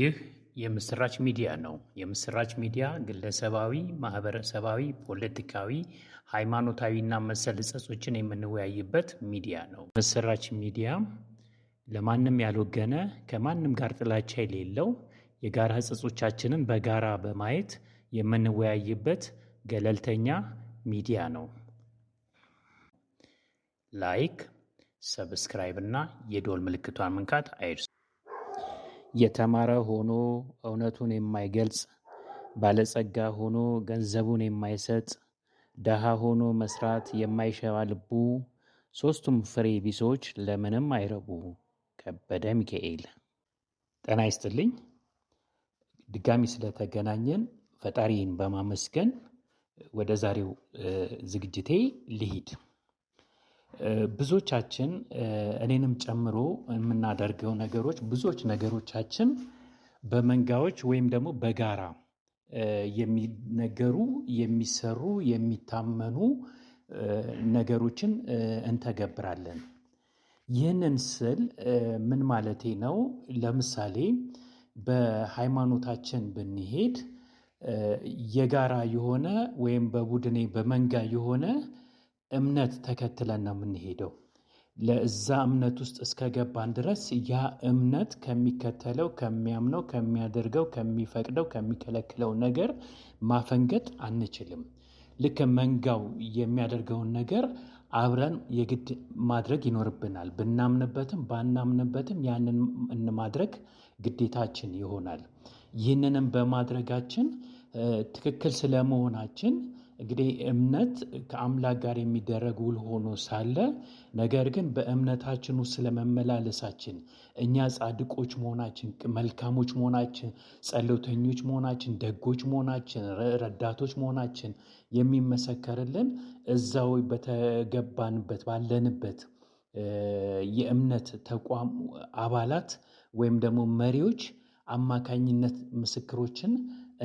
ይህ የምስራች ሚዲያ ነው። የምስራች ሚዲያ ግለሰባዊ፣ ማህበረሰባዊ፣ ፖለቲካዊ፣ ሃይማኖታዊና መሰል እጸጾችን የምንወያይበት ሚዲያ ነው። ምስራች ሚዲያ ለማንም ያልወገነ ከማንም ጋር ጥላቻ የሌለው የጋራ እጸጾቻችንን በጋራ በማየት የምንወያይበት ገለልተኛ ሚዲያ ነው። ላይክ፣ ሰብስክራይብ እና የዶል ምልክቷን መንካት አይርሱ። የተማረ ሆኖ እውነቱን የማይገልጽ ባለጸጋ ሆኖ ገንዘቡን የማይሰጥ ደሃ ሆኖ መስራት የማይሸባ ልቡ ሶስቱም ፍሬ ቢሶች ለምንም አይረቡ። ከበደ ሚካኤል። ጤና ይስጥልኝ። ድጋሚ ስለተገናኘን ፈጣሪን በማመስገን ወደ ዛሬው ዝግጅቴ ልሂድ። ብዙዎቻችን እኔንም ጨምሮ የምናደርገው ነገሮች ብዙዎች ነገሮቻችን በመንጋዎች ወይም ደግሞ በጋራ የሚነገሩ የሚሰሩ የሚታመኑ ነገሮችን እንተገብራለን። ይህንን ስል ምን ማለቴ ነው? ለምሳሌ በሃይማኖታችን ብንሄድ የጋራ የሆነ ወይም በቡድኔ በመንጋ የሆነ እምነት ተከትለን ነው የምንሄደው። ለእዛ እምነት ውስጥ እስከገባን ድረስ ያ እምነት ከሚከተለው ከሚያምነው ከሚያደርገው ከሚፈቅደው ከሚከለክለው ነገር ማፈንገጥ አንችልም። ልክ መንጋው የሚያደርገውን ነገር አብረን የግድ ማድረግ ይኖርብናል። ብናምንበትም ባናምንበትም ያንን ማድረግ ግዴታችን ይሆናል። ይህንንም በማድረጋችን ትክክል ስለመሆናችን እንግዲህ እምነት ከአምላክ ጋር የሚደረግ ውል ሆኖ ሳለ ነገር ግን በእምነታችን ውስጥ ስለመመላለሳችን እኛ ጻድቆች መሆናችን፣ መልካሞች መሆናችን፣ ጸሎተኞች መሆናችን፣ ደጎች መሆናችን፣ ረዳቶች መሆናችን የሚመሰከርልን እዛው በተገባንበት ባለንበት የእምነት ተቋም አባላት ወይም ደግሞ መሪዎች አማካኝነት ምስክሮችን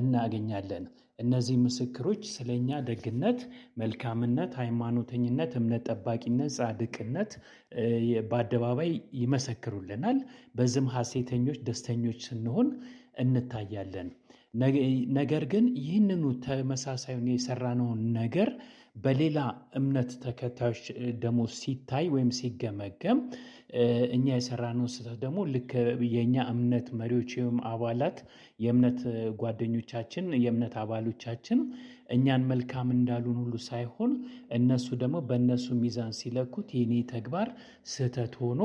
እናገኛለን። እነዚህ ምስክሮች ስለኛ ደግነት፣ መልካምነት፣ ሃይማኖተኝነት፣ እምነት ጠባቂነት፣ ጻድቅነት በአደባባይ ይመሰክሩልናል። በዚህም ሐሴተኞች፣ ደስተኞች ስንሆን እንታያለን። ነገር ግን ይህንኑ ተመሳሳዩን የሰራነውን ነገር በሌላ እምነት ተከታዮች ደግሞ ሲታይ ወይም ሲገመገም እኛ የሰራነውን ስህተት ደግሞ ልክ የእኛ እምነት መሪዎች ወይም አባላት የእምነት ጓደኞቻችን የእምነት አባሎቻችን እኛን መልካም እንዳሉን ሁሉ ሳይሆን እነሱ ደግሞ በእነሱ ሚዛን ሲለኩት የኔ ተግባር ስህተት ሆኖ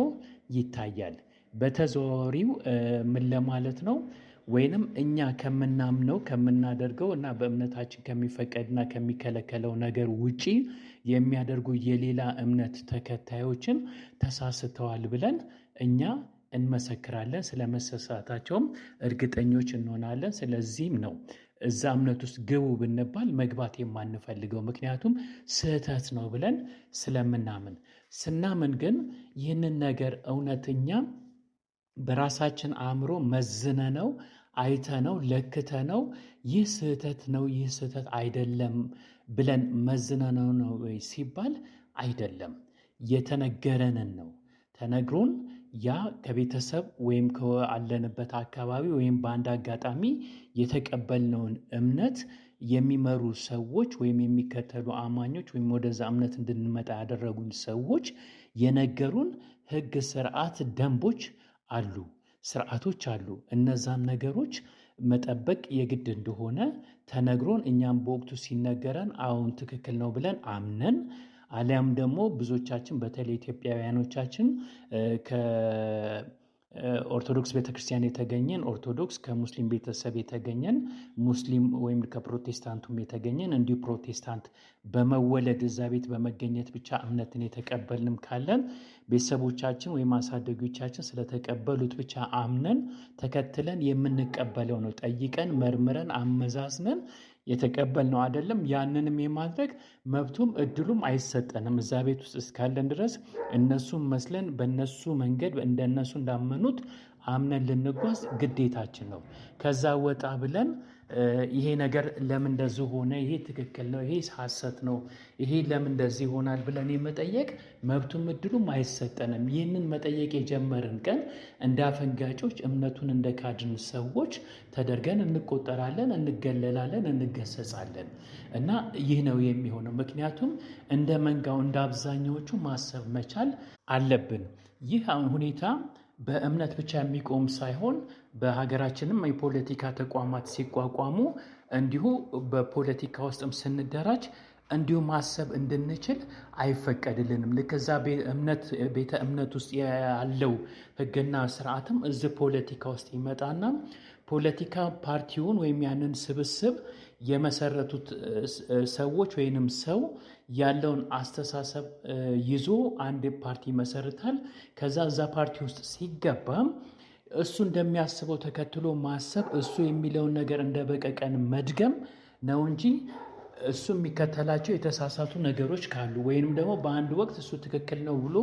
ይታያል። በተዘዋዋሪው ምን ለማለት ነው ወይንም እኛ ከምናምነው ከምናደርገው እና በእምነታችን ከሚፈቀድና ከሚከለከለው ነገር ውጪ የሚያደርጉ የሌላ እምነት ተከታዮችን ተሳስተዋል ብለን እኛ እንመሰክራለን። ስለ መሰሳታቸውም እርግጠኞች እንሆናለን። ስለዚህም ነው እዛ እምነት ውስጥ ግቡ ብንባል መግባት የማንፈልገው ምክንያቱም ስህተት ነው ብለን ስለምናምን። ስናምን ግን ይህንን ነገር እውነተኛ በራሳችን አእምሮ መዝነ ነው አይተነው ለክተነው ይህ ስህተት ነው፣ ይህ ስህተት አይደለም ብለን መዝነነው ነው ወይ ሲባል አይደለም፣ የተነገረንን ነው ተነግሮን ያ ከቤተሰብ ወይም ከአለንበት አካባቢ ወይም በአንድ አጋጣሚ የተቀበልነውን እምነት የሚመሩ ሰዎች ወይም የሚከተሉ አማኞች ወይም ወደዛ እምነት እንድንመጣ ያደረጉን ሰዎች የነገሩን ህግ ስርዓት፣ ደንቦች አሉ። ስርዓቶች አሉ። እነዛን ነገሮች መጠበቅ የግድ እንደሆነ ተነግሮን እኛም በወቅቱ ሲነገረን አሁን ትክክል ነው ብለን አምነን አሊያም ደግሞ ብዙዎቻችን በተለይ ኢትዮጵያውያኖቻችን ከኦርቶዶክስ ኦርቶዶክስ ቤተክርስቲያን የተገኘን ኦርቶዶክስ ከሙስሊም ቤተሰብ የተገኘን ሙስሊም ወይም ከፕሮቴስታንቱም የተገኘን እንዲሁ ፕሮቴስታንት በመወለድ እዛ ቤት በመገኘት ብቻ እምነትን የተቀበልንም ካለን ቤተሰቦቻችን ወይም አሳደጊዎቻችን ስለተቀበሉት ብቻ አምነን ተከትለን የምንቀበለው ነው። ጠይቀን መርምረን አመዛዝነን የተቀበልነው አይደለም። ያንንም የማድረግ መብቱም እድሉም አይሰጠንም። እዛ ቤት ውስጥ እስካለን ድረስ እነሱም መስለን በእነሱ መንገድ እንደነሱ እንዳመኑት አምነን ልንጓዝ ግዴታችን ነው። ከዛ ወጣ ብለን ይሄ ነገር ለምን እንደዚህ ሆነ፣ ይሄ ትክክል ነው፣ ይሄ ሐሰት ነው፣ ይሄ ለምን እንደዚህ ይሆናል ብለን የመጠየቅ መብቱም እድሉም አይሰጠንም። ይህንን መጠየቅ የጀመርን ቀን እንደ አፈንጋጮች እምነቱን እንደ ካድን ሰዎች ተደርገን እንቆጠራለን፣ እንገለላለን፣ እንገሰጻለን እና ይህ ነው የሚሆነው። ምክንያቱም እንደ መንጋው እንደ አብዛኛዎቹ ማሰብ መቻል አለብን። ይህ ሁኔታ በእምነት ብቻ የሚቆም ሳይሆን በሀገራችንም የፖለቲካ ተቋማት ሲቋቋሙ እንዲሁ በፖለቲካ ውስጥም ስንደራጅ እንዲሁ ማሰብ እንድንችል አይፈቀድልንም። ልክ እዛ ቤተ እምነት ውስጥ ያለው ሕግና ስርዓትም እዚህ ፖለቲካ ውስጥ ይመጣና ፖለቲካ ፓርቲውን ወይም ያንን ስብስብ የመሰረቱት ሰዎች ወይንም ሰው ያለውን አስተሳሰብ ይዞ አንድ ፓርቲ ይመሰርታል። ከዛ እዛ ፓርቲ ውስጥ ሲገባም እሱ እንደሚያስበው ተከትሎ ማሰብ እሱ የሚለውን ነገር እንደ በቀቀን መድገም ነው እንጂ እሱ የሚከተላቸው የተሳሳቱ ነገሮች ካሉ ወይንም ደግሞ በአንድ ወቅት እሱ ትክክል ነው ብሎ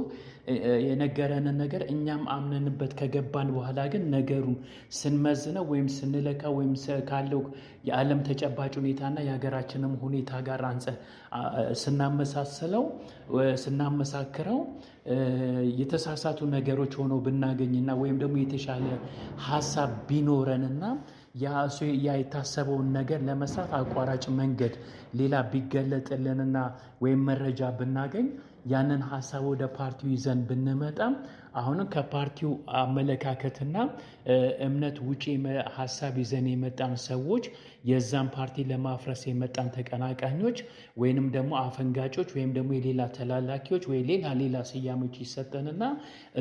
የነገረንን ነገር እኛም አምነንበት ከገባን በኋላ ግን ነገሩን ስንመዝነው ወይም ስንለካ ወይም ካለው የዓለም ተጨባጭ ሁኔታና የሀገራችንም ሁኔታ ጋር ስናመሳስለው ስናመሳክረው የተሳሳቱ ነገሮች ሆኖ ብናገኝና ወይም ደግሞ የተሻለ ሀሳብ ቢኖረንና ያ የታሰበውን ነገር ለመስራት አቋራጭ መንገድ ሌላ ቢገለጥልንና ወይም መረጃ ብናገኝ ያንን ሀሳብ ወደ ፓርቲው ይዘን ብንመጣም አሁንም ከፓርቲው አመለካከትና እምነት ውጪ ሀሳብ ይዘን የመጣን ሰዎች የዛን ፓርቲ ለማፍረስ የመጣን ተቀናቃኞች ወይንም ደግሞ አፈንጋጮች ወይም ደግሞ የሌላ ተላላኪዎች ወይ ሌላ ሌላ ስያሜዎች ይሰጠንና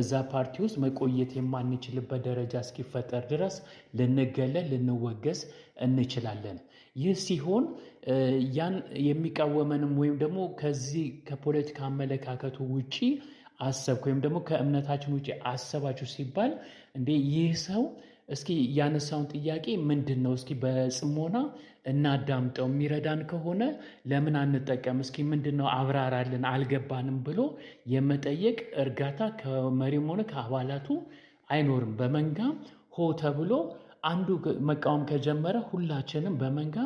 እዛ ፓርቲ ውስጥ መቆየት የማንችልበት ደረጃ እስኪፈጠር ድረስ ልንገለል ልንወገዝ እንችላለን። ይህ ሲሆን ያን የሚቃወመንም ወይም ደግሞ ከዚህ ከፖለቲካ አመለካከቱ ውጪ አሰብክ ወይም ደግሞ ከእምነታችን ውጪ አሰባችሁ ሲባል እንዴ ይህ ሰው እስኪ ያነሳውን ጥያቄ ምንድን ነው? እስኪ በጽሞና እናዳምጠው። የሚረዳን ከሆነ ለምን አንጠቀም? እስኪ ምንድን ነው አብራራልን፣ አልገባንም ብሎ የመጠየቅ እርጋታ ከመሪም ሆነ ከአባላቱ አይኖርም። በመንጋ ሆ ተብሎ አንዱ መቃወም ከጀመረ ሁላችንም በመንጋ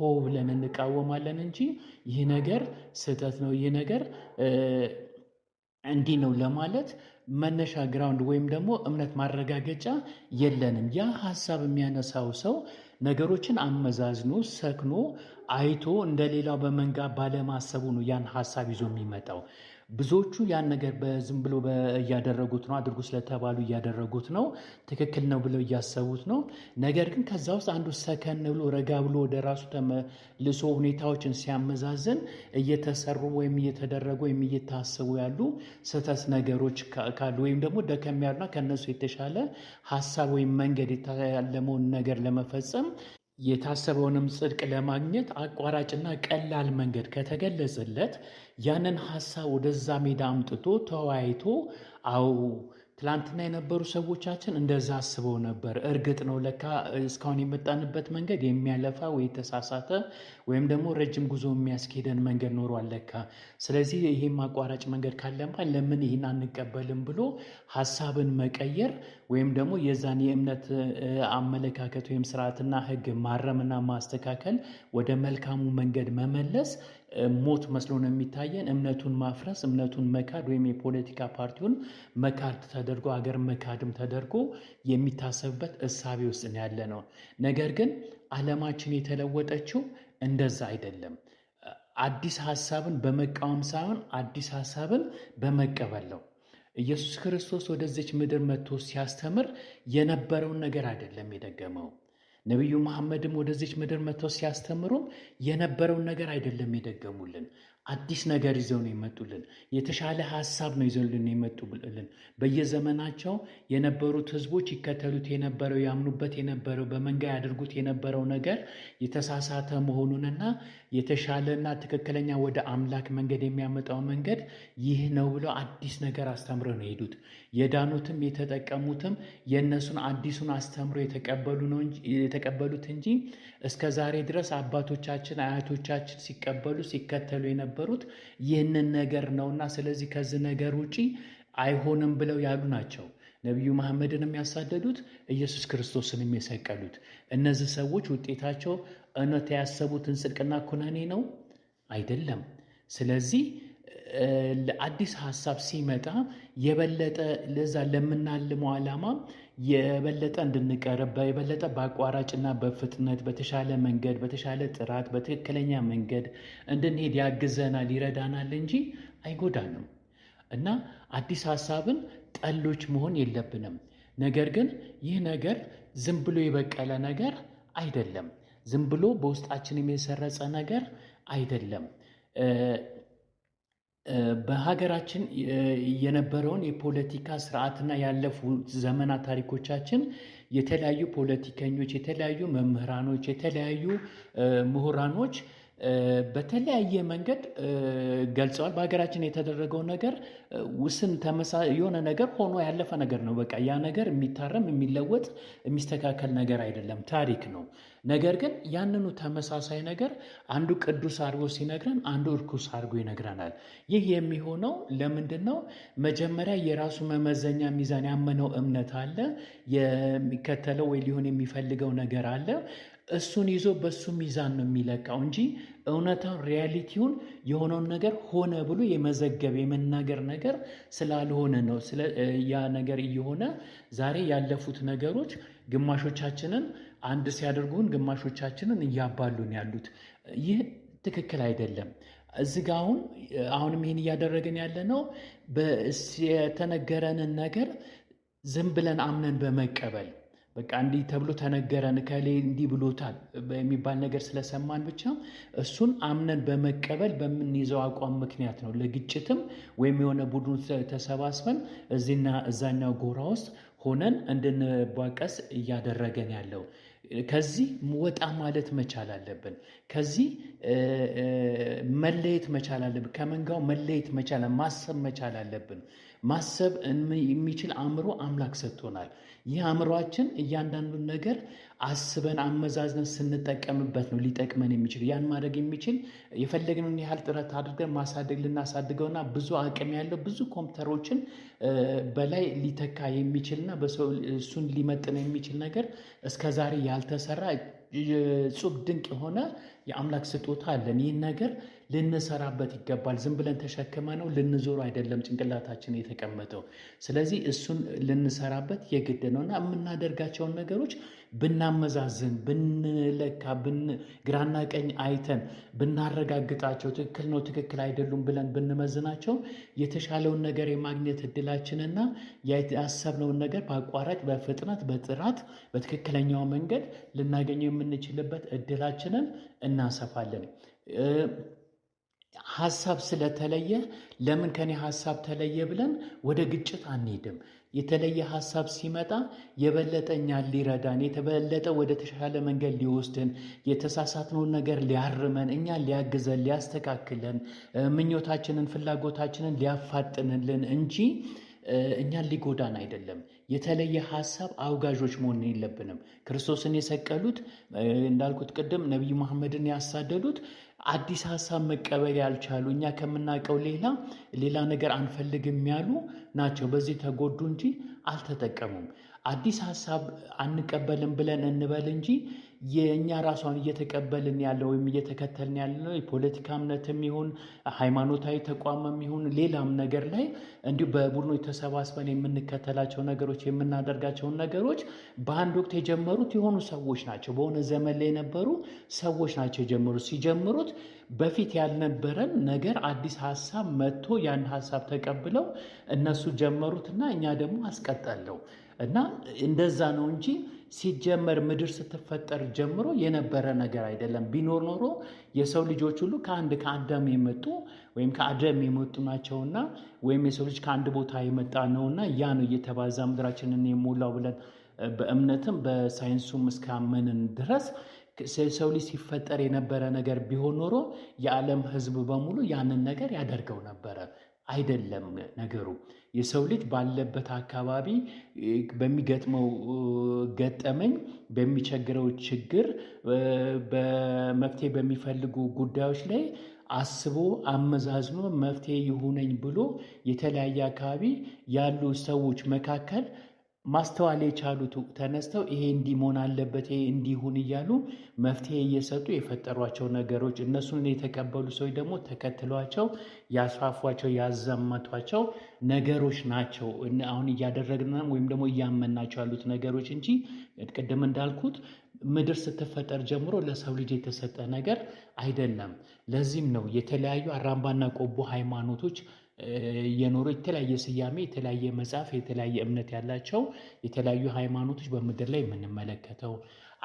ሆ ብለን እንቃወማለን እንጂ ይህ ነገር ስህተት ነው፣ ይህ ነገር እንዲህ ነው ለማለት መነሻ ግራውንድ ወይም ደግሞ እምነት ማረጋገጫ የለንም። ያ ሀሳብ የሚያነሳው ሰው ነገሮችን አመዛዝኖ ሰክኖ አይቶ እንደሌላው በመንጋ ባለማሰቡ ነው ያን ሀሳብ ይዞ የሚመጣው። ብዙዎቹ ያን ነገር በዝም ብሎ እያደረጉት ነው፣ አድርጉ ስለተባሉ እያደረጉት ነው፣ ትክክል ነው ብለው እያሰቡት ነው። ነገር ግን ከዛ ውስጥ አንዱ ሰከን ብሎ ረጋ ብሎ ወደ ራሱ ተመልሶ ሁኔታዎችን ሲያመዛዝን እየተሰሩ ወይም እየተደረጉ ወይም እየታሰቡ ያሉ ስህተት ነገሮች ካሉ ወይም ደግሞ ደከም ያሉና ከነሱ የተሻለ ሀሳብ ወይም መንገድ የታለመውን ነገር ለመፈጸም የታሰበውንም ጽድቅ ለማግኘት አቋራጭና ቀላል መንገድ ከተገለጸለት ያንን ሀሳብ ወደዛ ሜዳ አምጥቶ ተወያይቶ አው ትላንትና የነበሩ ሰዎቻችን እንደዛ አስበው ነበር። እርግጥ ነው ለካ እስካሁን የመጣንበት መንገድ የሚያለፋ ወይ የተሳሳተ ወይም ደግሞ ረጅም ጉዞ የሚያስኬደን መንገድ ኖሯል ለካ። ስለዚህ ይሄም አቋራጭ መንገድ ካለማ ለምን ይህን አንቀበልም ብሎ ሀሳብን መቀየር ወይም ደግሞ የዛን የእምነት አመለካከት ወይም ስርዓትና ህግ ማረምና ማስተካከል ወደ መልካሙ መንገድ መመለስ ሞት መስሎ ነው የሚታየን። እምነቱን ማፍረስ፣ እምነቱን መካድ ወይም የፖለቲካ ፓርቲውን መካድ ተደርጎ አገር መካድም ተደርጎ የሚታሰብበት እሳቤ ውስጥ ነው ያለ ነው። ነገር ግን አለማችን የተለወጠችው እንደዛ አይደለም። አዲስ ሀሳብን በመቃወም ሳይሆን አዲስ ሀሳብን በመቀበል ነው። ኢየሱስ ክርስቶስ ወደዚች ምድር መጥቶ ሲያስተምር የነበረውን ነገር አይደለም የደገመው ነቢዩ መሐመድም ወደዚች ምድር መጥተው ሲያስተምሩም የነበረውን ነገር አይደለም የደገሙልን። አዲስ ነገር ይዘው ነው የመጡልን። የተሻለ ሀሳብ ነው ይዘውልን የመጡልን። በየዘመናቸው የነበሩት ህዝቦች ይከተሉት የነበረው ያምኑበት የነበረው በመንጋ ያደርጉት የነበረው ነገር የተሳሳተ መሆኑንና የተሻለና ትክክለኛ ወደ አምላክ መንገድ የሚያመጣው መንገድ ይህ ነው ብለው አዲስ ነገር አስተምረው ነው የሄዱት። የዳኑትም የተጠቀሙትም የእነሱን አዲሱን አስተምሮ የተቀበሉት እንጂ እስከ ዛሬ ድረስ አባቶቻችን አያቶቻችን ሲቀበሉ ሲከተሉ የነበሩት ይህንን ነገር ነውና፣ ስለዚህ ከዚህ ነገር ውጪ አይሆንም ብለው ያሉ ናቸው። ነቢዩ መሐመድን የሚያሳደዱት ኢየሱስ ክርስቶስንም የሰቀሉት እነዚህ ሰዎች ውጤታቸው እውነት ያሰቡትን ጽድቅና ኩነኔ ነው አይደለም። ስለዚህ ለአዲስ ሀሳብ ሲመጣ የበለጠ ለዛ ለምናልመው ዓላማ የበለጠ እንድንቀርብ የበለጠ በአቋራጭና በፍጥነት በተሻለ መንገድ በተሻለ ጥራት በትክክለኛ መንገድ እንድንሄድ ያግዘናል፣ ይረዳናል እንጂ አይጎዳንም። እና አዲስ ሀሳብን ጠሎች መሆን የለብንም። ነገር ግን ይህ ነገር ዝም ብሎ የበቀለ ነገር አይደለም። ዝም ብሎ በውስጣችን የሚሰረጸ ነገር አይደለም። በሀገራችን የነበረውን የፖለቲካ ስርዓትና ያለፉ ዘመናት ታሪኮቻችን የተለያዩ ፖለቲከኞች የተለያዩ መምህራኖች የተለያዩ ምሁራኖች በተለያየ መንገድ ገልጸዋል። በሀገራችን የተደረገው ነገር ውስን ተመሳ የሆነ ነገር ሆኖ ያለፈ ነገር ነው። በቃ ያ ነገር የሚታረም የሚለወጥ፣ የሚስተካከል ነገር አይደለም፣ ታሪክ ነው። ነገር ግን ያንኑ ተመሳሳይ ነገር አንዱ ቅዱስ አድርጎ ሲነግረን፣ አንዱ እርኩስ አድርጎ ይነግረናል። ይህ የሚሆነው ለምንድን ነው? መጀመሪያ የራሱ መመዘኛ ሚዛን ያመነው እምነት አለ፣ የሚከተለው ወይ ሊሆን የሚፈልገው ነገር አለ። እሱን ይዞ በሱ ሚዛን ነው የሚለካው እንጂ እውነታውን ሪያሊቲውን የሆነውን ነገር ሆነ ብሎ የመዘገብ የመናገር ነገር ስላልሆነ ነው። ያ ነገር እየሆነ ዛሬ ያለፉት ነገሮች ግማሾቻችንን አንድ ሲያደርጉን፣ ግማሾቻችንን እያባሉን ያሉት ይህ ትክክል አይደለም። እዚህ ጋ አሁን አሁንም ይህን እያደረግን ያለ ነው የተነገረንን ነገር ዝም ብለን አምነን በመቀበል በቃ እንዲህ ተብሎ ተነገረን ከሌ እንዲህ ብሎታል የሚባል ነገር ስለሰማን ብቻ እሱን አምነን በመቀበል በምንይዘው አቋም ምክንያት ነው ለግጭትም ወይም የሆነ ቡድን ተሰባስበን እዚህና እዛኛው ጎራ ውስጥ ሆነን እንድንቧቀስ እያደረገን ያለው። ከዚህ ወጣ ማለት መቻል አለብን። ከዚህ መለየት መቻል አለብን። ከመንጋው መለየት መቻል ማሰብ መቻል አለብን። ማሰብ የሚችል አእምሮ አምላክ ሰጥቶናል። ይህ አእምሯችን እያንዳንዱን ነገር አስበን አመዛዝነን ስንጠቀምበት ነው ሊጠቅመን የሚችል ያን ማድረግ የሚችል የፈለግንን ያህል ጥረት አድርገን ማሳደግ ልናሳድገውና ብዙ አቅም ያለው ብዙ ኮምፒውተሮችን በላይ ሊተካ የሚችልና እሱን ሊመጥን የሚችል ነገር እስከዛሬ ያልተሰራ እጹብ ድንቅ የሆነ የአምላክ ስጦታ አለን። ይህን ነገር ልንሰራበት ይገባል። ዝም ብለን ተሸክመ ነው ልንዞሩ አይደለም ጭንቅላታችን የተቀመጠው። ስለዚህ እሱን ልንሰራበት የግድ እና የምናደርጋቸውን ነገሮች ብናመዛዝን፣ ብንለካ፣ ግራና ቀኝ አይተን ብናረጋግጣቸው ትክክል ነው፣ ትክክል አይደሉም ብለን ብንመዝናቸው የተሻለውን ነገር የማግኘት እድላችንና ያሰብነውን ነገር በአቋራጭ በፍጥነት በጥራት በትክክለኛው መንገድ ልናገኘው የምንችልበት እድላችንን እናሰፋለን። ሀሳብ ስለተለየ ለምን ከኔ ሀሳብ ተለየ ብለን ወደ ግጭት አንሄድም። የተለየ ሀሳብ ሲመጣ የበለጠ ሊረዳን የተበለጠ ወደ ተሻለ መንገድ ሊወስድን የተሳሳትነውን ነገር ሊያርመን እኛ ሊያግዘን ሊያስተካክለን ምኞታችንን ፍላጎታችንን ሊያፋጥንልን እንጂ እኛን ሊጎዳን አይደለም። የተለየ ሀሳብ አውጋዦች መሆን የለብንም። ክርስቶስን የሰቀሉት እንዳልኩት ቅድም ነቢዩ መሐመድን ያሳደዱት አዲስ ሀሳብ መቀበል ያልቻሉ እኛ ከምናውቀው ሌላ ሌላ ነገር አንፈልግም ያሉ ናቸው። በዚህ ተጎዱ እንጂ አልተጠቀሙም። አዲስ ሀሳብ አንቀበልም ብለን እንበል እንጂ የእኛ ራሷን እየተቀበልን ያለ ወይም እየተከተልን ያለ የፖለቲካ እምነትም ይሁን ሃይማኖታዊ ተቋምም ይሁን ሌላም ነገር ላይ እንዲሁ በቡድኖች ተሰባስበን የምንከተላቸው ነገሮች የምናደርጋቸውን ነገሮች በአንድ ወቅት የጀመሩት የሆኑ ሰዎች ናቸው። በሆነ ዘመን ላይ የነበሩ ሰዎች ናቸው የጀመሩት። ሲጀምሩት በፊት ያልነበረን ነገር አዲስ ሀሳብ መጥቶ ያን ሀሳብ ተቀብለው እነሱ ጀመሩትና እኛ ደግሞ አስቀጠለው እና እንደዛ ነው እንጂ ሲጀመር ምድር ስትፈጠር ጀምሮ የነበረ ነገር አይደለም። ቢኖር ኖሮ የሰው ልጆች ሁሉ ከአንድ ከአዳም የመጡ ወይም ከአደም የመጡ ናቸውና ወይም የሰው ልጅ ከአንድ ቦታ የመጣ ነውና ያ ነው እየተባዛ ምድራችንን የሞላው ብለን በእምነትም በሳይንሱም እስካመንን ድረስ ሰው ልጅ ሲፈጠር የነበረ ነገር ቢሆን ኖሮ የዓለም ሕዝብ በሙሉ ያንን ነገር ያደርገው ነበረ። አይደለም ነገሩ። የሰው ልጅ ባለበት አካባቢ በሚገጥመው ገጠመኝ በሚቸግረው ችግር በመፍትሄ በሚፈልጉ ጉዳዮች ላይ አስቦ አመዛዝኖ መፍትሄ ይሁነኝ ብሎ የተለያየ አካባቢ ያሉ ሰዎች መካከል ማስተዋል የቻሉት ተነስተው ይሄ እንዲህ መሆን አለበት ይሄ እንዲሁን እያሉ መፍትሄ እየሰጡ የፈጠሯቸው ነገሮች እነሱን የተቀበሉ ሰዎች ደግሞ ተከትሏቸው ያስፋፏቸው ያዘመቷቸው ነገሮች ናቸው። አሁን እያደረግን ወይም ደግሞ እያመናቸው ያሉት ነገሮች እንጂ ቅድም እንዳልኩት ምድር ስትፈጠር ጀምሮ ለሰው ልጅ የተሰጠ ነገር አይደለም። ለዚህም ነው የተለያዩ አራምባና ቆቦ ሃይማኖቶች እየኖሩ የተለያየ ስያሜ የተለያየ መጽሐፍ የተለያየ እምነት ያላቸው የተለያዩ ሃይማኖቶች በምድር ላይ የምንመለከተው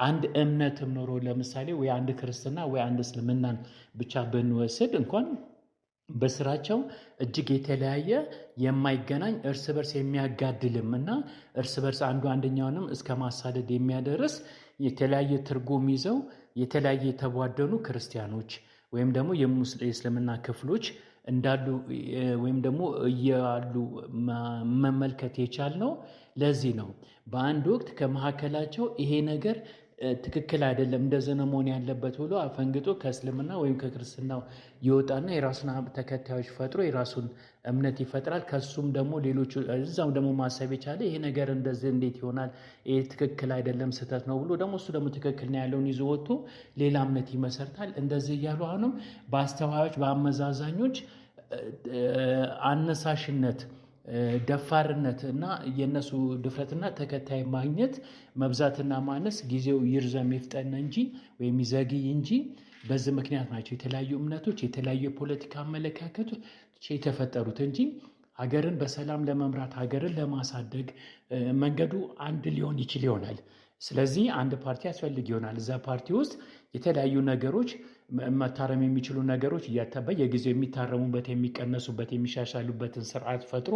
አንድ እምነትም ኖሮ ለምሳሌ ወይ አንድ ክርስትና ወይ አንድ እስልምናን ብቻ ብንወስድ እንኳን በስራቸው እጅግ የተለያየ የማይገናኝ እርስ በርስ የሚያጋድልም እና እርስ በርስ አንዱ አንደኛውንም እስከ ማሳደድ የሚያደርስ የተለያየ ትርጉም ይዘው የተለያየ የተቧደኑ ክርስቲያኖች ወይም ደግሞ የእስልምና ክፍሎች እንዳሉ ወይም ደግሞ እያሉ መመልከት የቻልነው ለዚህ ነው። በአንድ ወቅት ከመካከላቸው ይሄ ነገር ትክክል አይደለም እንደዚህ ነው መሆን ያለበት ብሎ አፈንግጦ ከእስልምና ወይም ከክርስትናው ይወጣና የራሱን ተከታዮች ፈጥሮ የራሱን እምነት ይፈጥራል። ከሱም ደግሞ ሌሎች እዛም ደግሞ ማሰብ የቻለ ይሄ ነገር እንደዚህ እንዴት ይሆናል? ይሄ ትክክል አይደለም፣ ስህተት ነው ብሎ ደግሞ እሱ ደግሞ ትክክል ነው ያለውን ይዞ ወጥቶ ሌላ እምነት ይመሰርታል። እንደዚህ እያሉ አሁንም በአስተዋዮች በአመዛዛኞች አነሳሽነት ደፋርነት እና የእነሱ ድፍረትና ተከታይ ማግኘት መብዛትና ማነስ ጊዜው ይርዘም ይፍጠን እንጂ ወይም ይዘግይ እንጂ በዚህ ምክንያት ናቸው የተለያዩ እምነቶች የተለያዩ የፖለቲካ አመለካከቶች የተፈጠሩት እንጂ ሀገርን በሰላም ለመምራት ሀገርን ለማሳደግ መንገዱ አንድ ሊሆን ይችል ይሆናል። ስለዚህ አንድ ፓርቲ ያስፈልግ ይሆናል እዛ ፓርቲ ውስጥ የተለያዩ ነገሮች መታረም የሚችሉ ነገሮች የጊዜው የሚታረሙበት፣ የሚቀነሱበት፣ የሚሻሻሉበትን ስርዓት ፈጥሮ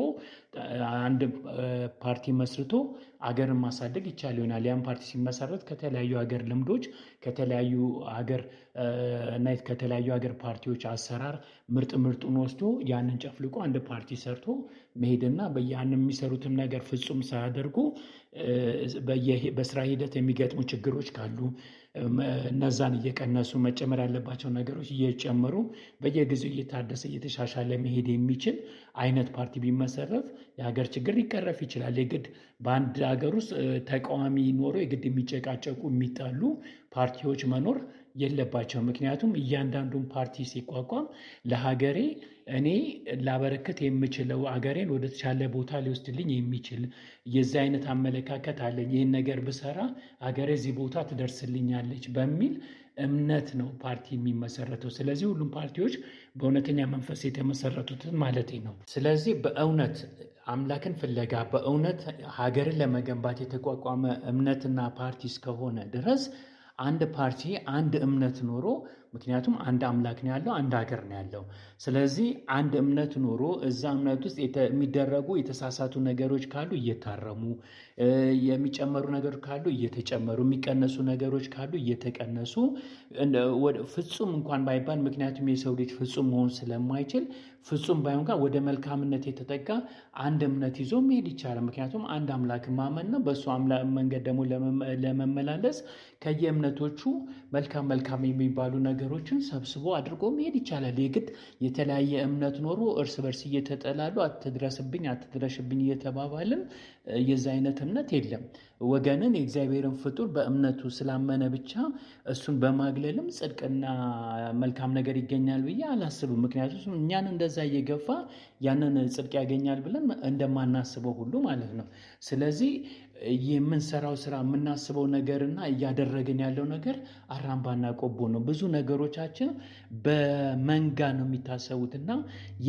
አንድ ፓርቲ መስርቶ አገርን ማሳደግ ይቻል ይሆናል። ያን ፓርቲ ሲመሰረት ከተለያዩ ሀገር ልምዶች ከተለያዩ ሀገር እና ከተለያዩ ሀገር ፓርቲዎች አሰራር ምርጥ ምርጡን ወስዶ ያንን ጨፍልቆ አንድ ፓርቲ ሰርቶ መሄድና በያን የሚሰሩትን ነገር ፍጹም ሳያደርጉ በስራ ሂደት የሚገጥሙ ችግሮች ካሉ እነዛን እየቀነሱ መጨመር ያለባቸው ነገሮች እየጨመሩ በየጊዜው እየታደሰ እየተሻሻለ መሄድ የሚችል አይነት ፓርቲ ቢመሰረት የሀገር ችግር ሊቀረፍ ይችላል። የግድ በአንድ ሀገር ውስጥ ተቃዋሚ ኖሮ የግድ የሚጨቃጨቁ የሚጣሉ ፓርቲዎች መኖር የለባቸው። ምክንያቱም እያንዳንዱን ፓርቲ ሲቋቋም ለሀገሬ እኔ ላበረክት የምችለው ሀገሬን ወደ ተሻለ ቦታ ሊወስድልኝ የሚችል የዚህ አይነት አመለካከት አለኝ፣ ይህን ነገር ብሰራ ሀገሬ እዚህ ቦታ ትደርስልኛለች በሚል እምነት ነው ፓርቲ የሚመሰረተው። ስለዚህ ሁሉም ፓርቲዎች በእውነተኛ መንፈስ የተመሰረቱትን ማለት ነው። ስለዚህ በእውነት አምላክን ፍለጋ በእውነት ሀገርን ለመገንባት የተቋቋመ እምነትና ፓርቲ እስከሆነ ድረስ አንድ ፓርቲ አንድ እምነት ኖሮ ምክንያቱም አንድ አምላክ ነው ያለው፣ አንድ ሀገር ነው ያለው። ስለዚህ አንድ እምነት ኖሮ እዛ እምነት ውስጥ የሚደረጉ የተሳሳቱ ነገሮች ካሉ እየታረሙ የሚጨመሩ ነገሮች ካሉ እየተጨመሩ የሚቀነሱ ነገሮች ካሉ እየተቀነሱ ፍጹም እንኳን ባይባል ምክንያቱም የሰው ልጅ ፍጹም መሆን ስለማይችል ፍጹም ባይሆን ጋር ወደ መልካምነት የተጠጋ አንድ እምነት ይዞ መሄድ ይቻላል። ምክንያቱም አንድ አምላክ ነው። በእሱ መንገድ ደግሞ ለመመላለስ ከየእምነቶቹ መልካም መልካም የሚባሉ ነገሮችን ሰብስቦ አድርጎ መሄድ ይቻላል። የግድ የተለያየ እምነት ኖሮ እርስ በርስ እየተጠላሉ አትድረስብኝ፣ አትድረሽብኝ እየተባባልን የዛ አይነት እምነት የለም። ወገንን የእግዚአብሔርን ፍጡር በእምነቱ ስላመነ ብቻ እሱን በማግለልም ጽድቅና መልካም ነገር ይገኛል ብዬ አላስብም። ምክንያቱም እኛን እንደዛ እየገፋ ያንን ጽድቅ ያገኛል ብለን እንደማናስበው ሁሉ ማለት ነው። ስለዚህ የምንሰራው ስራ የምናስበው ነገርና እያደረግን ያለው ነገር አራምባና ቆቦ ነው። ብዙ ነገሮቻችን በመንጋ ነው የሚታሰቡትና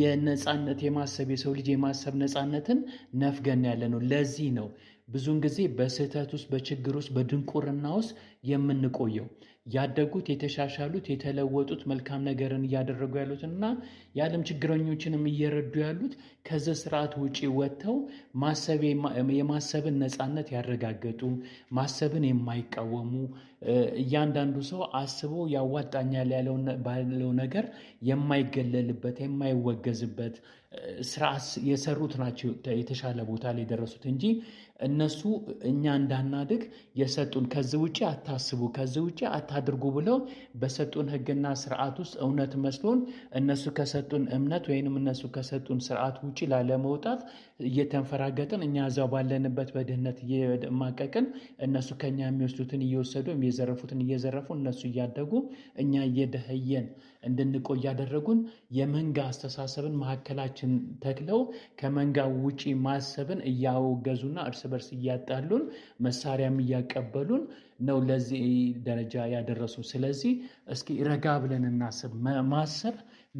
የነፃነት የማሰብ የሰው ልጅ የማሰብ ነፃነትን ነፍገን ያለ ነው። ለዚህ ነው ብዙውን ጊዜ በስህተት ውስጥ፣ በችግር ውስጥ፣ በድንቁርና ውስጥ የምንቆየው ያደጉት የተሻሻሉት የተለወጡት መልካም ነገርን እያደረጉ ያሉትና የዓለም ችግረኞችንም እየረዱ ያሉት ከዚ ስርዓት ውጪ ወጥተው ማሰብ የማሰብን ነፃነት ያረጋገጡ ማሰብን የማይቃወሙ እያንዳንዱ ሰው አስቦ ያዋጣኛል ባለው ነገር የማይገለልበት የማይወገዝበት ስራ የሰሩት ናቸው የተሻለ ቦታ ላይ የደረሱት እንጂ እነሱ እኛ እንዳናድግ የሰጡን ከዚህ ውጭ አታስቡ፣ ከዚ ውጭ አታድርጉ ብለው በሰጡን ሕግና ስርዓት ውስጥ እውነት መስሎን እነሱ ከሰጡን እምነት ወይንም እነሱ ከሰጡን ስርዓት ውጭ ላለመውጣት እየተንፈራገጥን እኛ እዛው ባለንበት በድህነት እየማቀቅን እነሱ ከኛ የሚወስዱትን እየወሰዱ የዘረፉትን እየዘረፉ እነሱ እያደጉ እኛ እየደህየን እንድንቆ ያደረጉን የመንጋ አስተሳሰብን መካከላችን ተክለው ከመንጋ ውጪ ማሰብን እያወገዙና እርስ በርስ እያጣሉን መሳሪያም እያቀበሉን ነው ለዚህ ደረጃ ያደረሱ። ስለዚህ እስኪ ረጋ ብለን እናስብ። ማሰብ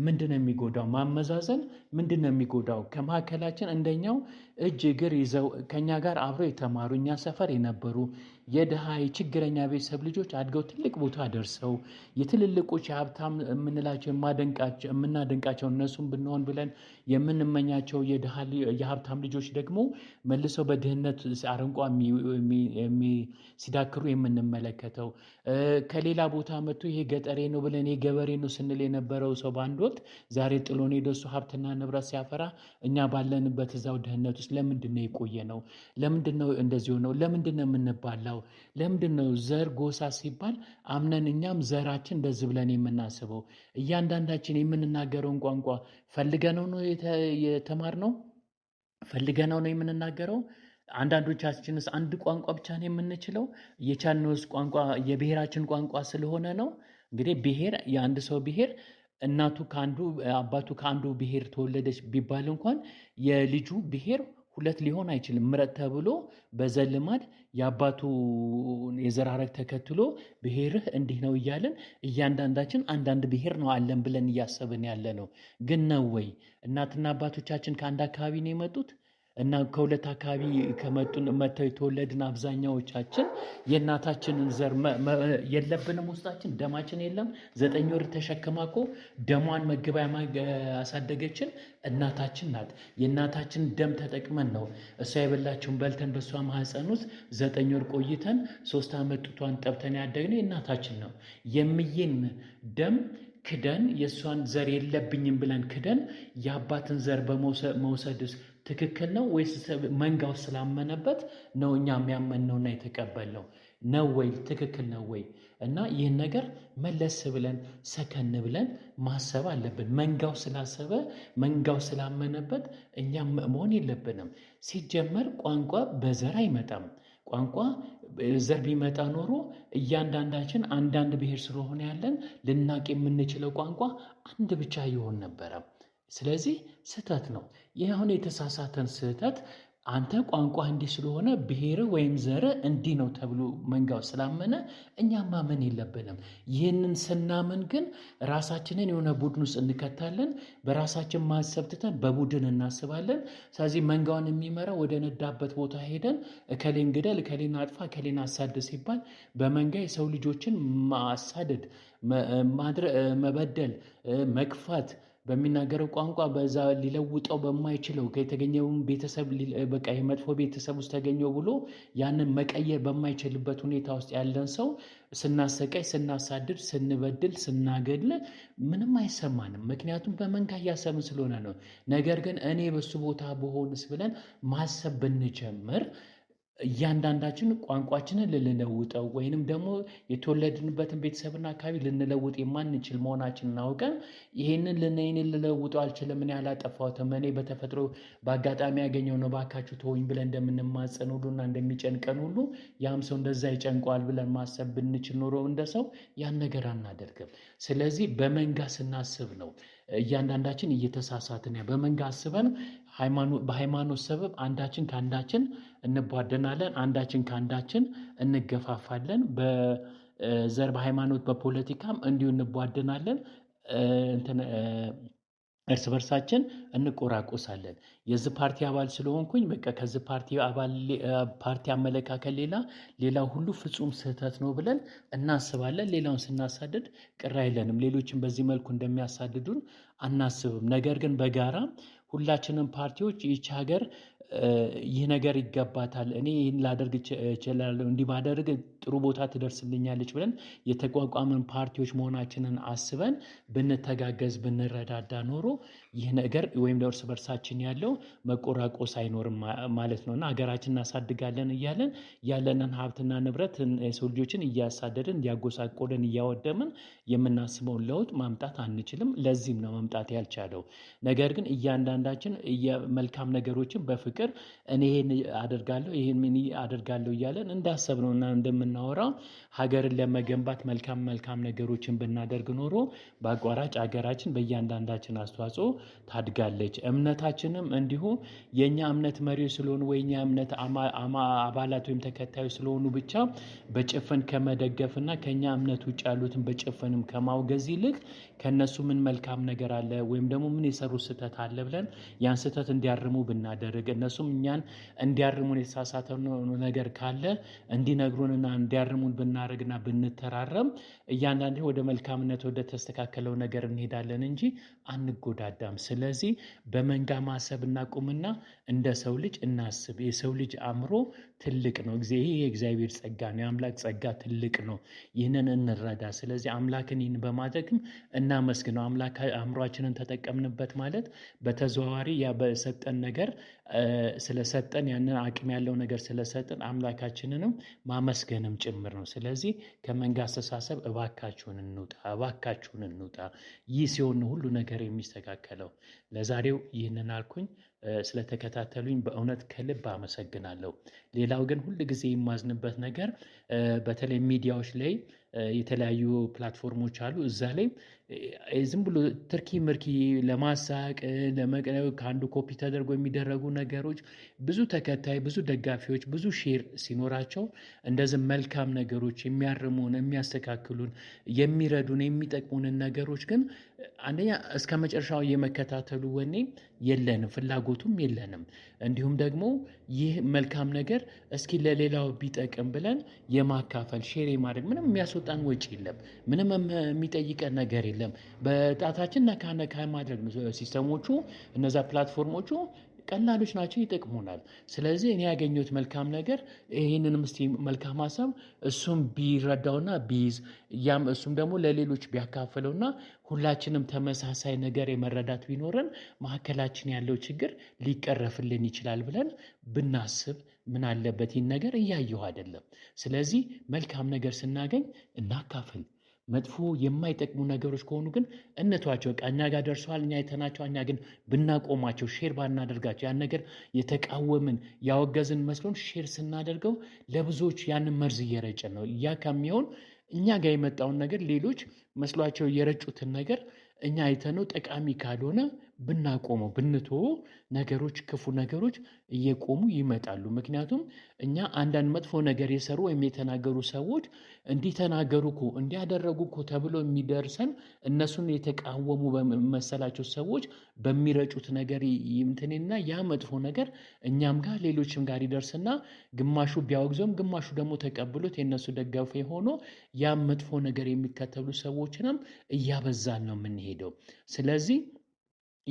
ምንድን ነው የሚጎዳው? ማመዛዘን ምንድን ነው የሚጎዳው? ከመካከላችን እንደኛው እጅ እግር ይዘው ከኛ ጋር አብረው የተማሩ እኛ ሰፈር የነበሩ የድሃ የችግረኛ ቤተሰብ ልጆች አድገው ትልቅ ቦታ ደርሰው የትልልቆች የሀብታም የምንላቸው የምናደንቃቸው እነሱም ብንሆን ብለን የምንመኛቸው የሀብታም ልጆች ደግሞ መልሰው በድህነት አረንቋ ሲዳክሩ የምንመለከተው ከሌላ ቦታ መጥቶ ይሄ ገጠሬ ነው ብለን ይሄ ገበሬ ነው ስንል የነበረው ሰው በአንድ ወቅት ዛሬ ጥሎን ሄዶ ሀብትና ንብረት ሲያፈራ እኛ ባለንበት እዛው ድህነት ውስጥ ለምንድነው ነው የቆየ ነው? እንደዚሁ ነው እንደዚህ ነው የምንባላው? ለምንድነው ዘር ጎሳ ሲባል አምነን እኛም ዘራችን እንደዚህ ብለን የምናስበው? እያንዳንዳችን የምንናገረውን ቋንቋ ፈልገነው ነው የተማርነው? ፈልገነው ነው የምንናገረው? አንዳንዶቻችንስ አንድ ቋንቋ ብቻ ነው የምንችለው? የቻልነውስ ቋንቋ የብሔራችን ቋንቋ ስለሆነ ነው? እንግዲህ ብሔር የአንድ ሰው ብሔር እናቱ ከአንዱ አባቱ ከአንዱ ብሔር ተወለደች ቢባል እንኳን የልጁ ብሔር ሁለት ሊሆን አይችልም። ምረጥ ተብሎ በዘልማድ የአባቱ የዘራረግ ተከትሎ ብሔርህ እንዲህ ነው እያለን እያንዳንዳችን አንዳንድ ብሔር ነው አለን ብለን እያሰብን ያለ ነው። ግን ነው ወይ? እናትና አባቶቻችን ከአንድ አካባቢ ነው የመጡት? እና ከሁለት አካባቢ ከመጡን መተው የተወለድን አብዛኛዎቻችን የእናታችንን ዘር የለብንም፣ ውስጣችን ደማችን የለም። ዘጠኝ ወር ተሸክማኮ ደሟን መገበያ ያሳደገችን እናታችን ናት። የእናታችን ደም ተጠቅመን ነው እሷ የበላችውን በልተን በእሷ ማህፀን ውስጥ ዘጠኝ ወር ቆይተን ሶስት ዓመት ጡቷን ጠብተን ያደግነው የእናታችን ነው። የምዬን ደም ክደን የእሷን ዘር የለብኝም ብለን ክደን የአባትን ዘር በመውሰድ ትክክል ነው ወይስ መንጋው ስላመነበት ነው እኛ የሚያመንነውና የተቀበልነው ነው ወይ ትክክል ነው ወይ? እና ይህን ነገር መለስ ብለን ሰከን ብለን ማሰብ አለብን። መንጋው ስላሰበ መንጋው ስላመነበት እኛም መሆን የለብንም። ሲጀመር ቋንቋ በዘር አይመጣም። ቋንቋ ዘር ቢመጣ ኖሮ እያንዳንዳችን አንዳንድ ብሔር ስለሆነ ያለን ልናቅ የምንችለው ቋንቋ አንድ ብቻ ይሆን ነበረ። ስለዚህ ስህተት ነው። ይህ አሁን የተሳሳተን ስህተት አንተ ቋንቋ እንዲህ ስለሆነ ብሔር ወይም ዘር እንዲህ ነው ተብሎ መንጋው ስላመነ እኛ ማመን የለብንም። ይህንን ስናምን ግን ራሳችንን የሆነ ቡድን ውስጥ እንከታለን። በራሳችን ማሰብ ትተን በቡድን እናስባለን። ስለዚህ መንጋውን የሚመራው ወደ ነዳበት ቦታ ሄደን እከሌን ግደል፣ እከሌን አጥፋ፣ እከሌን አሳድድ ሲባል በመንጋ የሰው ልጆችን ማሳደድ፣ መበደል፣ መክፋት በሚናገረው ቋንቋ በዛ ሊለውጠው በማይችለው የተገኘውን ቤተሰብ በቃ የመጥፎ ቤተሰብ ውስጥ ተገኘው ብሎ ያንን መቀየር በማይችልበት ሁኔታ ውስጥ ያለን ሰው ስናሰቃይ፣ ስናሳድድ፣ ስንበድል፣ ስናገድል ምንም አይሰማንም። ምክንያቱም በመንጋ እያሰብን ስለሆነ ነው። ነገር ግን እኔ በሱ ቦታ በሆንስ ብለን ማሰብ ብንጀምር እያንዳንዳችን ቋንቋችንን ልንለውጠው ወይንም ደግሞ የተወለድንበትን ቤተሰብና አካባቢ ልንለውጥ የማንችል መሆናችን አውቀን ይህንን ልናይን ልለውጠው አልችልም፣ እኔ አላጠፋሁትም፣ እኔ በተፈጥሮ በአጋጣሚ ያገኘው ነው፣ ባካችሁ ተወኝ ብለን እንደምንማጸን ሁሉና እንደሚጨንቀን ሁሉ ያም ሰው እንደዛ ይጨንቀዋል ብለን ማሰብ ብንችል ኖሮ እንደ ሰው ያን ነገር አናደርግም። ስለዚህ በመንጋ ስናስብ ነው እያንዳንዳችን እየተሳሳትን በመንጋ አስበን በሃይማኖት ሰበብ አንዳችን ከአንዳችን እንቧደናለን፣ አንዳችን ከአንዳችን እንገፋፋለን። በዘር በሃይማኖት በፖለቲካም እንዲሁ እንቧደናለን። እርስ በርሳችን እንቆራቆሳለን። የዚህ ፓርቲ አባል ስለሆንኩኝ በቃ ከዚህ ፓርቲ ፓርቲ አመለካከት ሌላ ሌላው ሁሉ ፍጹም ስህተት ነው ብለን እናስባለን። ሌላውን ስናሳድድ ቅር አይለንም። ሌሎችን በዚህ መልኩ እንደሚያሳድዱን አናስብም። ነገር ግን በጋራ ሁላችንም ፓርቲዎች ይቺ ሀገር ይህ ነገር ይገባታል፣ እኔ ይህን ላደርግ እችላለሁ፣ እንዲህ ጥሩ ቦታ ትደርስልኛለች ብለን የተቋቋመን ፓርቲዎች መሆናችንን አስበን ብንተጋገዝ ብንረዳዳ ኖሮ ይህ ነገር ወይም እርስ በርሳችን ያለው መቆራቆስ አይኖርም ማለት ነው እና ሀገራችን እናሳድጋለን እያለን ያለንን ሀብትና ንብረት የሰው ልጆችን እያሳደድን እያጎሳቆልን እያወደምን የምናስበውን ለውጥ ማምጣት አንችልም። ለዚህም ነው መምጣት ያልቻለው። ነገር ግን እያንዳንዳችን መልካም ነገሮችን በፍቅር እኔ ይሄን አደርጋለሁ ይሄን ምን አደርጋለሁ እያለን እንዳሰብነው እና እንደምናወራው ሀገርን ለመገንባት መልካም መልካም ነገሮችን ብናደርግ ኖሮ በአቋራጭ ሀገራችን በእያንዳንዳችን አስተዋጽኦ ታድጋለች። እምነታችንም እንዲሁ የእኛ እምነት መሪዎች ስለሆኑ ወይ እምነት አባላት ወይም ተከታዮች ስለሆኑ ብቻ በጭፍን ከመደገፍና ከእኛ እምነት ውጭ ያሉትን በጭፍንም ከማውገዝ ይልቅ ከእነሱ ምን መልካም ነገር አለ ወይም ደግሞ ምን የሰሩ ስህተት አለ ብለን ያን ስህተት እንዲያርሙ ብናደርግ እነሱም እኛን እንዲያርሙን የተሳሳተ ነገር ካለ እንዲነግሩንና እንዲያርሙን ብናደርግና ብንተራረም እያንዳንዴ ወደ መልካምነት ወደ ተስተካከለው ነገር እንሄዳለን እንጂ አንጎዳዳም። አይረዳም። ስለዚህ በመንጋ ማሰብና ቁምና እንደ ሰው ልጅ እናስብ። የሰው ልጅ አእምሮ ትልቅ ነው። ይሄ የእግዚአብሔር ጸጋ ነው። የአምላክ ጸጋ ትልቅ ነው። ይህንን እንረዳ። ስለዚህ አምላክን ይህን በማድረግም እናመስግነው። አምላክ አእምሯችንን ተጠቀምንበት ማለት በተዘዋዋሪ ያ በሰጠን ነገር ስለሰጠን ያንን አቅም ያለው ነገር ስለሰጠን አምላካችንንም ማመስገንም ጭምር ነው። ስለዚህ ከመንጋ አስተሳሰብ እባካችሁን እንውጣ፣ እባካችሁን እንውጣ። ይህ ሲሆን ሁሉ ነገር የሚስተካከለው። ለዛሬው ይህንን አልኩኝ። ስለተከታተሉኝ በእውነት ከልብ አመሰግናለሁ። ሌላው ግን ሁል ጊዜ የማዝንበት ነገር በተለይ ሚዲያዎች ላይ የተለያዩ ፕላትፎርሞች አሉ። እዛ ላይ ዝም ብሎ ትርኪ ምርኪ ለማሳቅ ለመቅረብ ከአንዱ ኮፒ ተደርጎ የሚደረጉ ነገሮች ብዙ ተከታይ፣ ብዙ ደጋፊዎች፣ ብዙ ሼር ሲኖራቸው እንደዚህ መልካም ነገሮች የሚያርሙን፣ የሚያስተካክሉን፣ የሚረዱን፣ የሚጠቅሙንን ነገሮች ግን አንደኛ እስከ መጨረሻው የመከታተሉ ወኔ የለንም፣ ፍላጎቱም የለንም። እንዲሁም ደግሞ ይህ መልካም ነገር እስኪ ለሌላው ቢጠቅም ብለን የማካፈል ሼር ማድረግ ምንም የሚያስወጣን ወጪ የለም፣ ምንም የሚጠይቀን ነገር የለም። አይደለም። በጣታችን ነካ ነካ ማድረግ ሲስተሞቹ፣ እነዛ ፕላትፎርሞቹ ቀላሎች ናቸው፣ ይጠቅሙናል። ስለዚህ እኔ ያገኘሁት መልካም ነገር ይህንን እስኪ መልካም ሀሳብ እሱም ቢረዳውና ቢይዝ ያም እሱም ደግሞ ለሌሎች ቢያካፍለውና ሁላችንም ተመሳሳይ ነገር የመረዳት ቢኖረን መካከላችን ያለው ችግር ሊቀረፍልን ይችላል ብለን ብናስብ ምን አለበት? ይህን ነገር እያየሁ አይደለም። ስለዚህ መልካም ነገር ስናገኝ እናካፍል። መጥፎ የማይጠቅሙ ነገሮች ከሆኑ ግን እነቷቸው። በቃ እኛ ጋር ደርሰዋል፣ እኛ የተናቸው፣ እኛ ግን ብናቆማቸው፣ ሼር ባናደርጋቸው፣ ያን ነገር የተቃወምን ያወገዝን መስሎን ሼር ስናደርገው ለብዙዎች ያንን መርዝ እየረጨን ነው። ያ ከሚሆን እኛ ጋር የመጣውን ነገር ሌሎች መስሏቸው የረጩትን ነገር እኛ አይተነው ጠቃሚ ካልሆነ ብናቆመው ብንቶ ነገሮች ክፉ ነገሮች እየቆሙ ይመጣሉ። ምክንያቱም እኛ አንዳንድ መጥፎ ነገር የሰሩ ወይም የተናገሩ ሰዎች እንዲህ ተናገሩ እኮ እንዲህ እኮ ተብሎ የሚደርሰን እነሱን የተቃወሙ በመሰላቸው ሰዎች በሚረጩት ነገር ይምትንና ያ መጥፎ ነገር እኛም ጋር ሌሎችም ጋር ይደርስና ግማሹ ቢያወግዘውም ግማሹ ደግሞ ተቀብሎት የእነሱ ደጋፊ ሆኖ ያ መጥፎ ነገር የሚከተሉ ሰዎች ሰዎችንም እያበዛን ነው የምንሄደው። ስለዚህ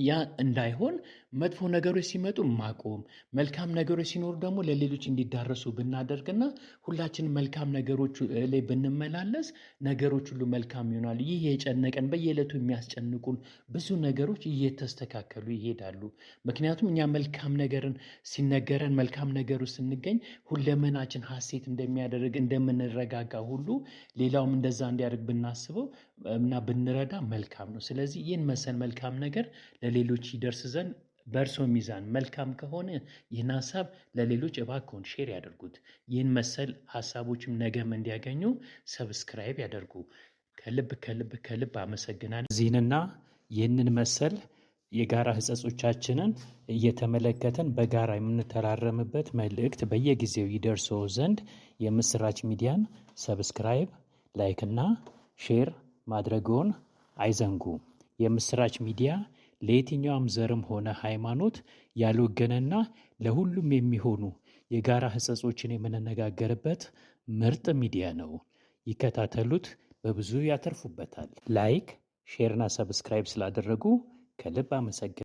ያ እንዳይሆን መጥፎ ነገሮች ሲመጡ ማቆም፣ መልካም ነገሮች ሲኖሩ ደግሞ ለሌሎች እንዲዳረሱ ብናደርግና ሁላችንም መልካም ነገሮች ላይ ብንመላለስ ነገሮች ሁሉ መልካም ይሆናሉ። ይህ የጨነቀን በየዕለቱ የሚያስጨንቁን ብዙ ነገሮች እየተስተካከሉ ይሄዳሉ። ምክንያቱም እኛ መልካም ነገርን ሲነገረን መልካም ነገሩ ስንገኝ ሁለመናችን ሀሴት እንደሚያደርግ እንደምንረጋጋ ሁሉ ሌላውም እንደዛ እንዲያደርግ ብናስበው እና ብንረዳ መልካም ነው። ስለዚህ ይህን መሰል መልካም ነገር ለሌሎች ይደርስ ዘንድ በእርሶ ሚዛን መልካም ከሆነ ይህን ሀሳብ ለሌሎች እባክዎን ሼር ያደርጉት። ይህን መሰል ሀሳቦችም ነገም እንዲያገኙ ሰብስክራይብ ያደርጉ። ከልብ ከልብ ከልብ አመሰግናለሁ። ዚህንና ይህንን መሰል የጋራ ሕጸጾቻችንን እየተመለከተን በጋራ የምንተራረምበት መልእክት በየጊዜው ይደርሶ ዘንድ የምስራች ሚዲያን ሰብስክራይብ፣ ላይክ እና ሼር ማድረግዎን አይዘንጉ! የምስራች ሚዲያ ለየትኛውም ዘርም ሆነ ሃይማኖት ያልወገነና ለሁሉም የሚሆኑ የጋራ ህጸጾችን የምንነጋገርበት ምርጥ ሚዲያ ነው። ይከታተሉት፣ በብዙ ያተርፉበታል። ላይክ፣ ሼርና ሰብስክራይብ ስላደረጉ ከልብ አመሰግ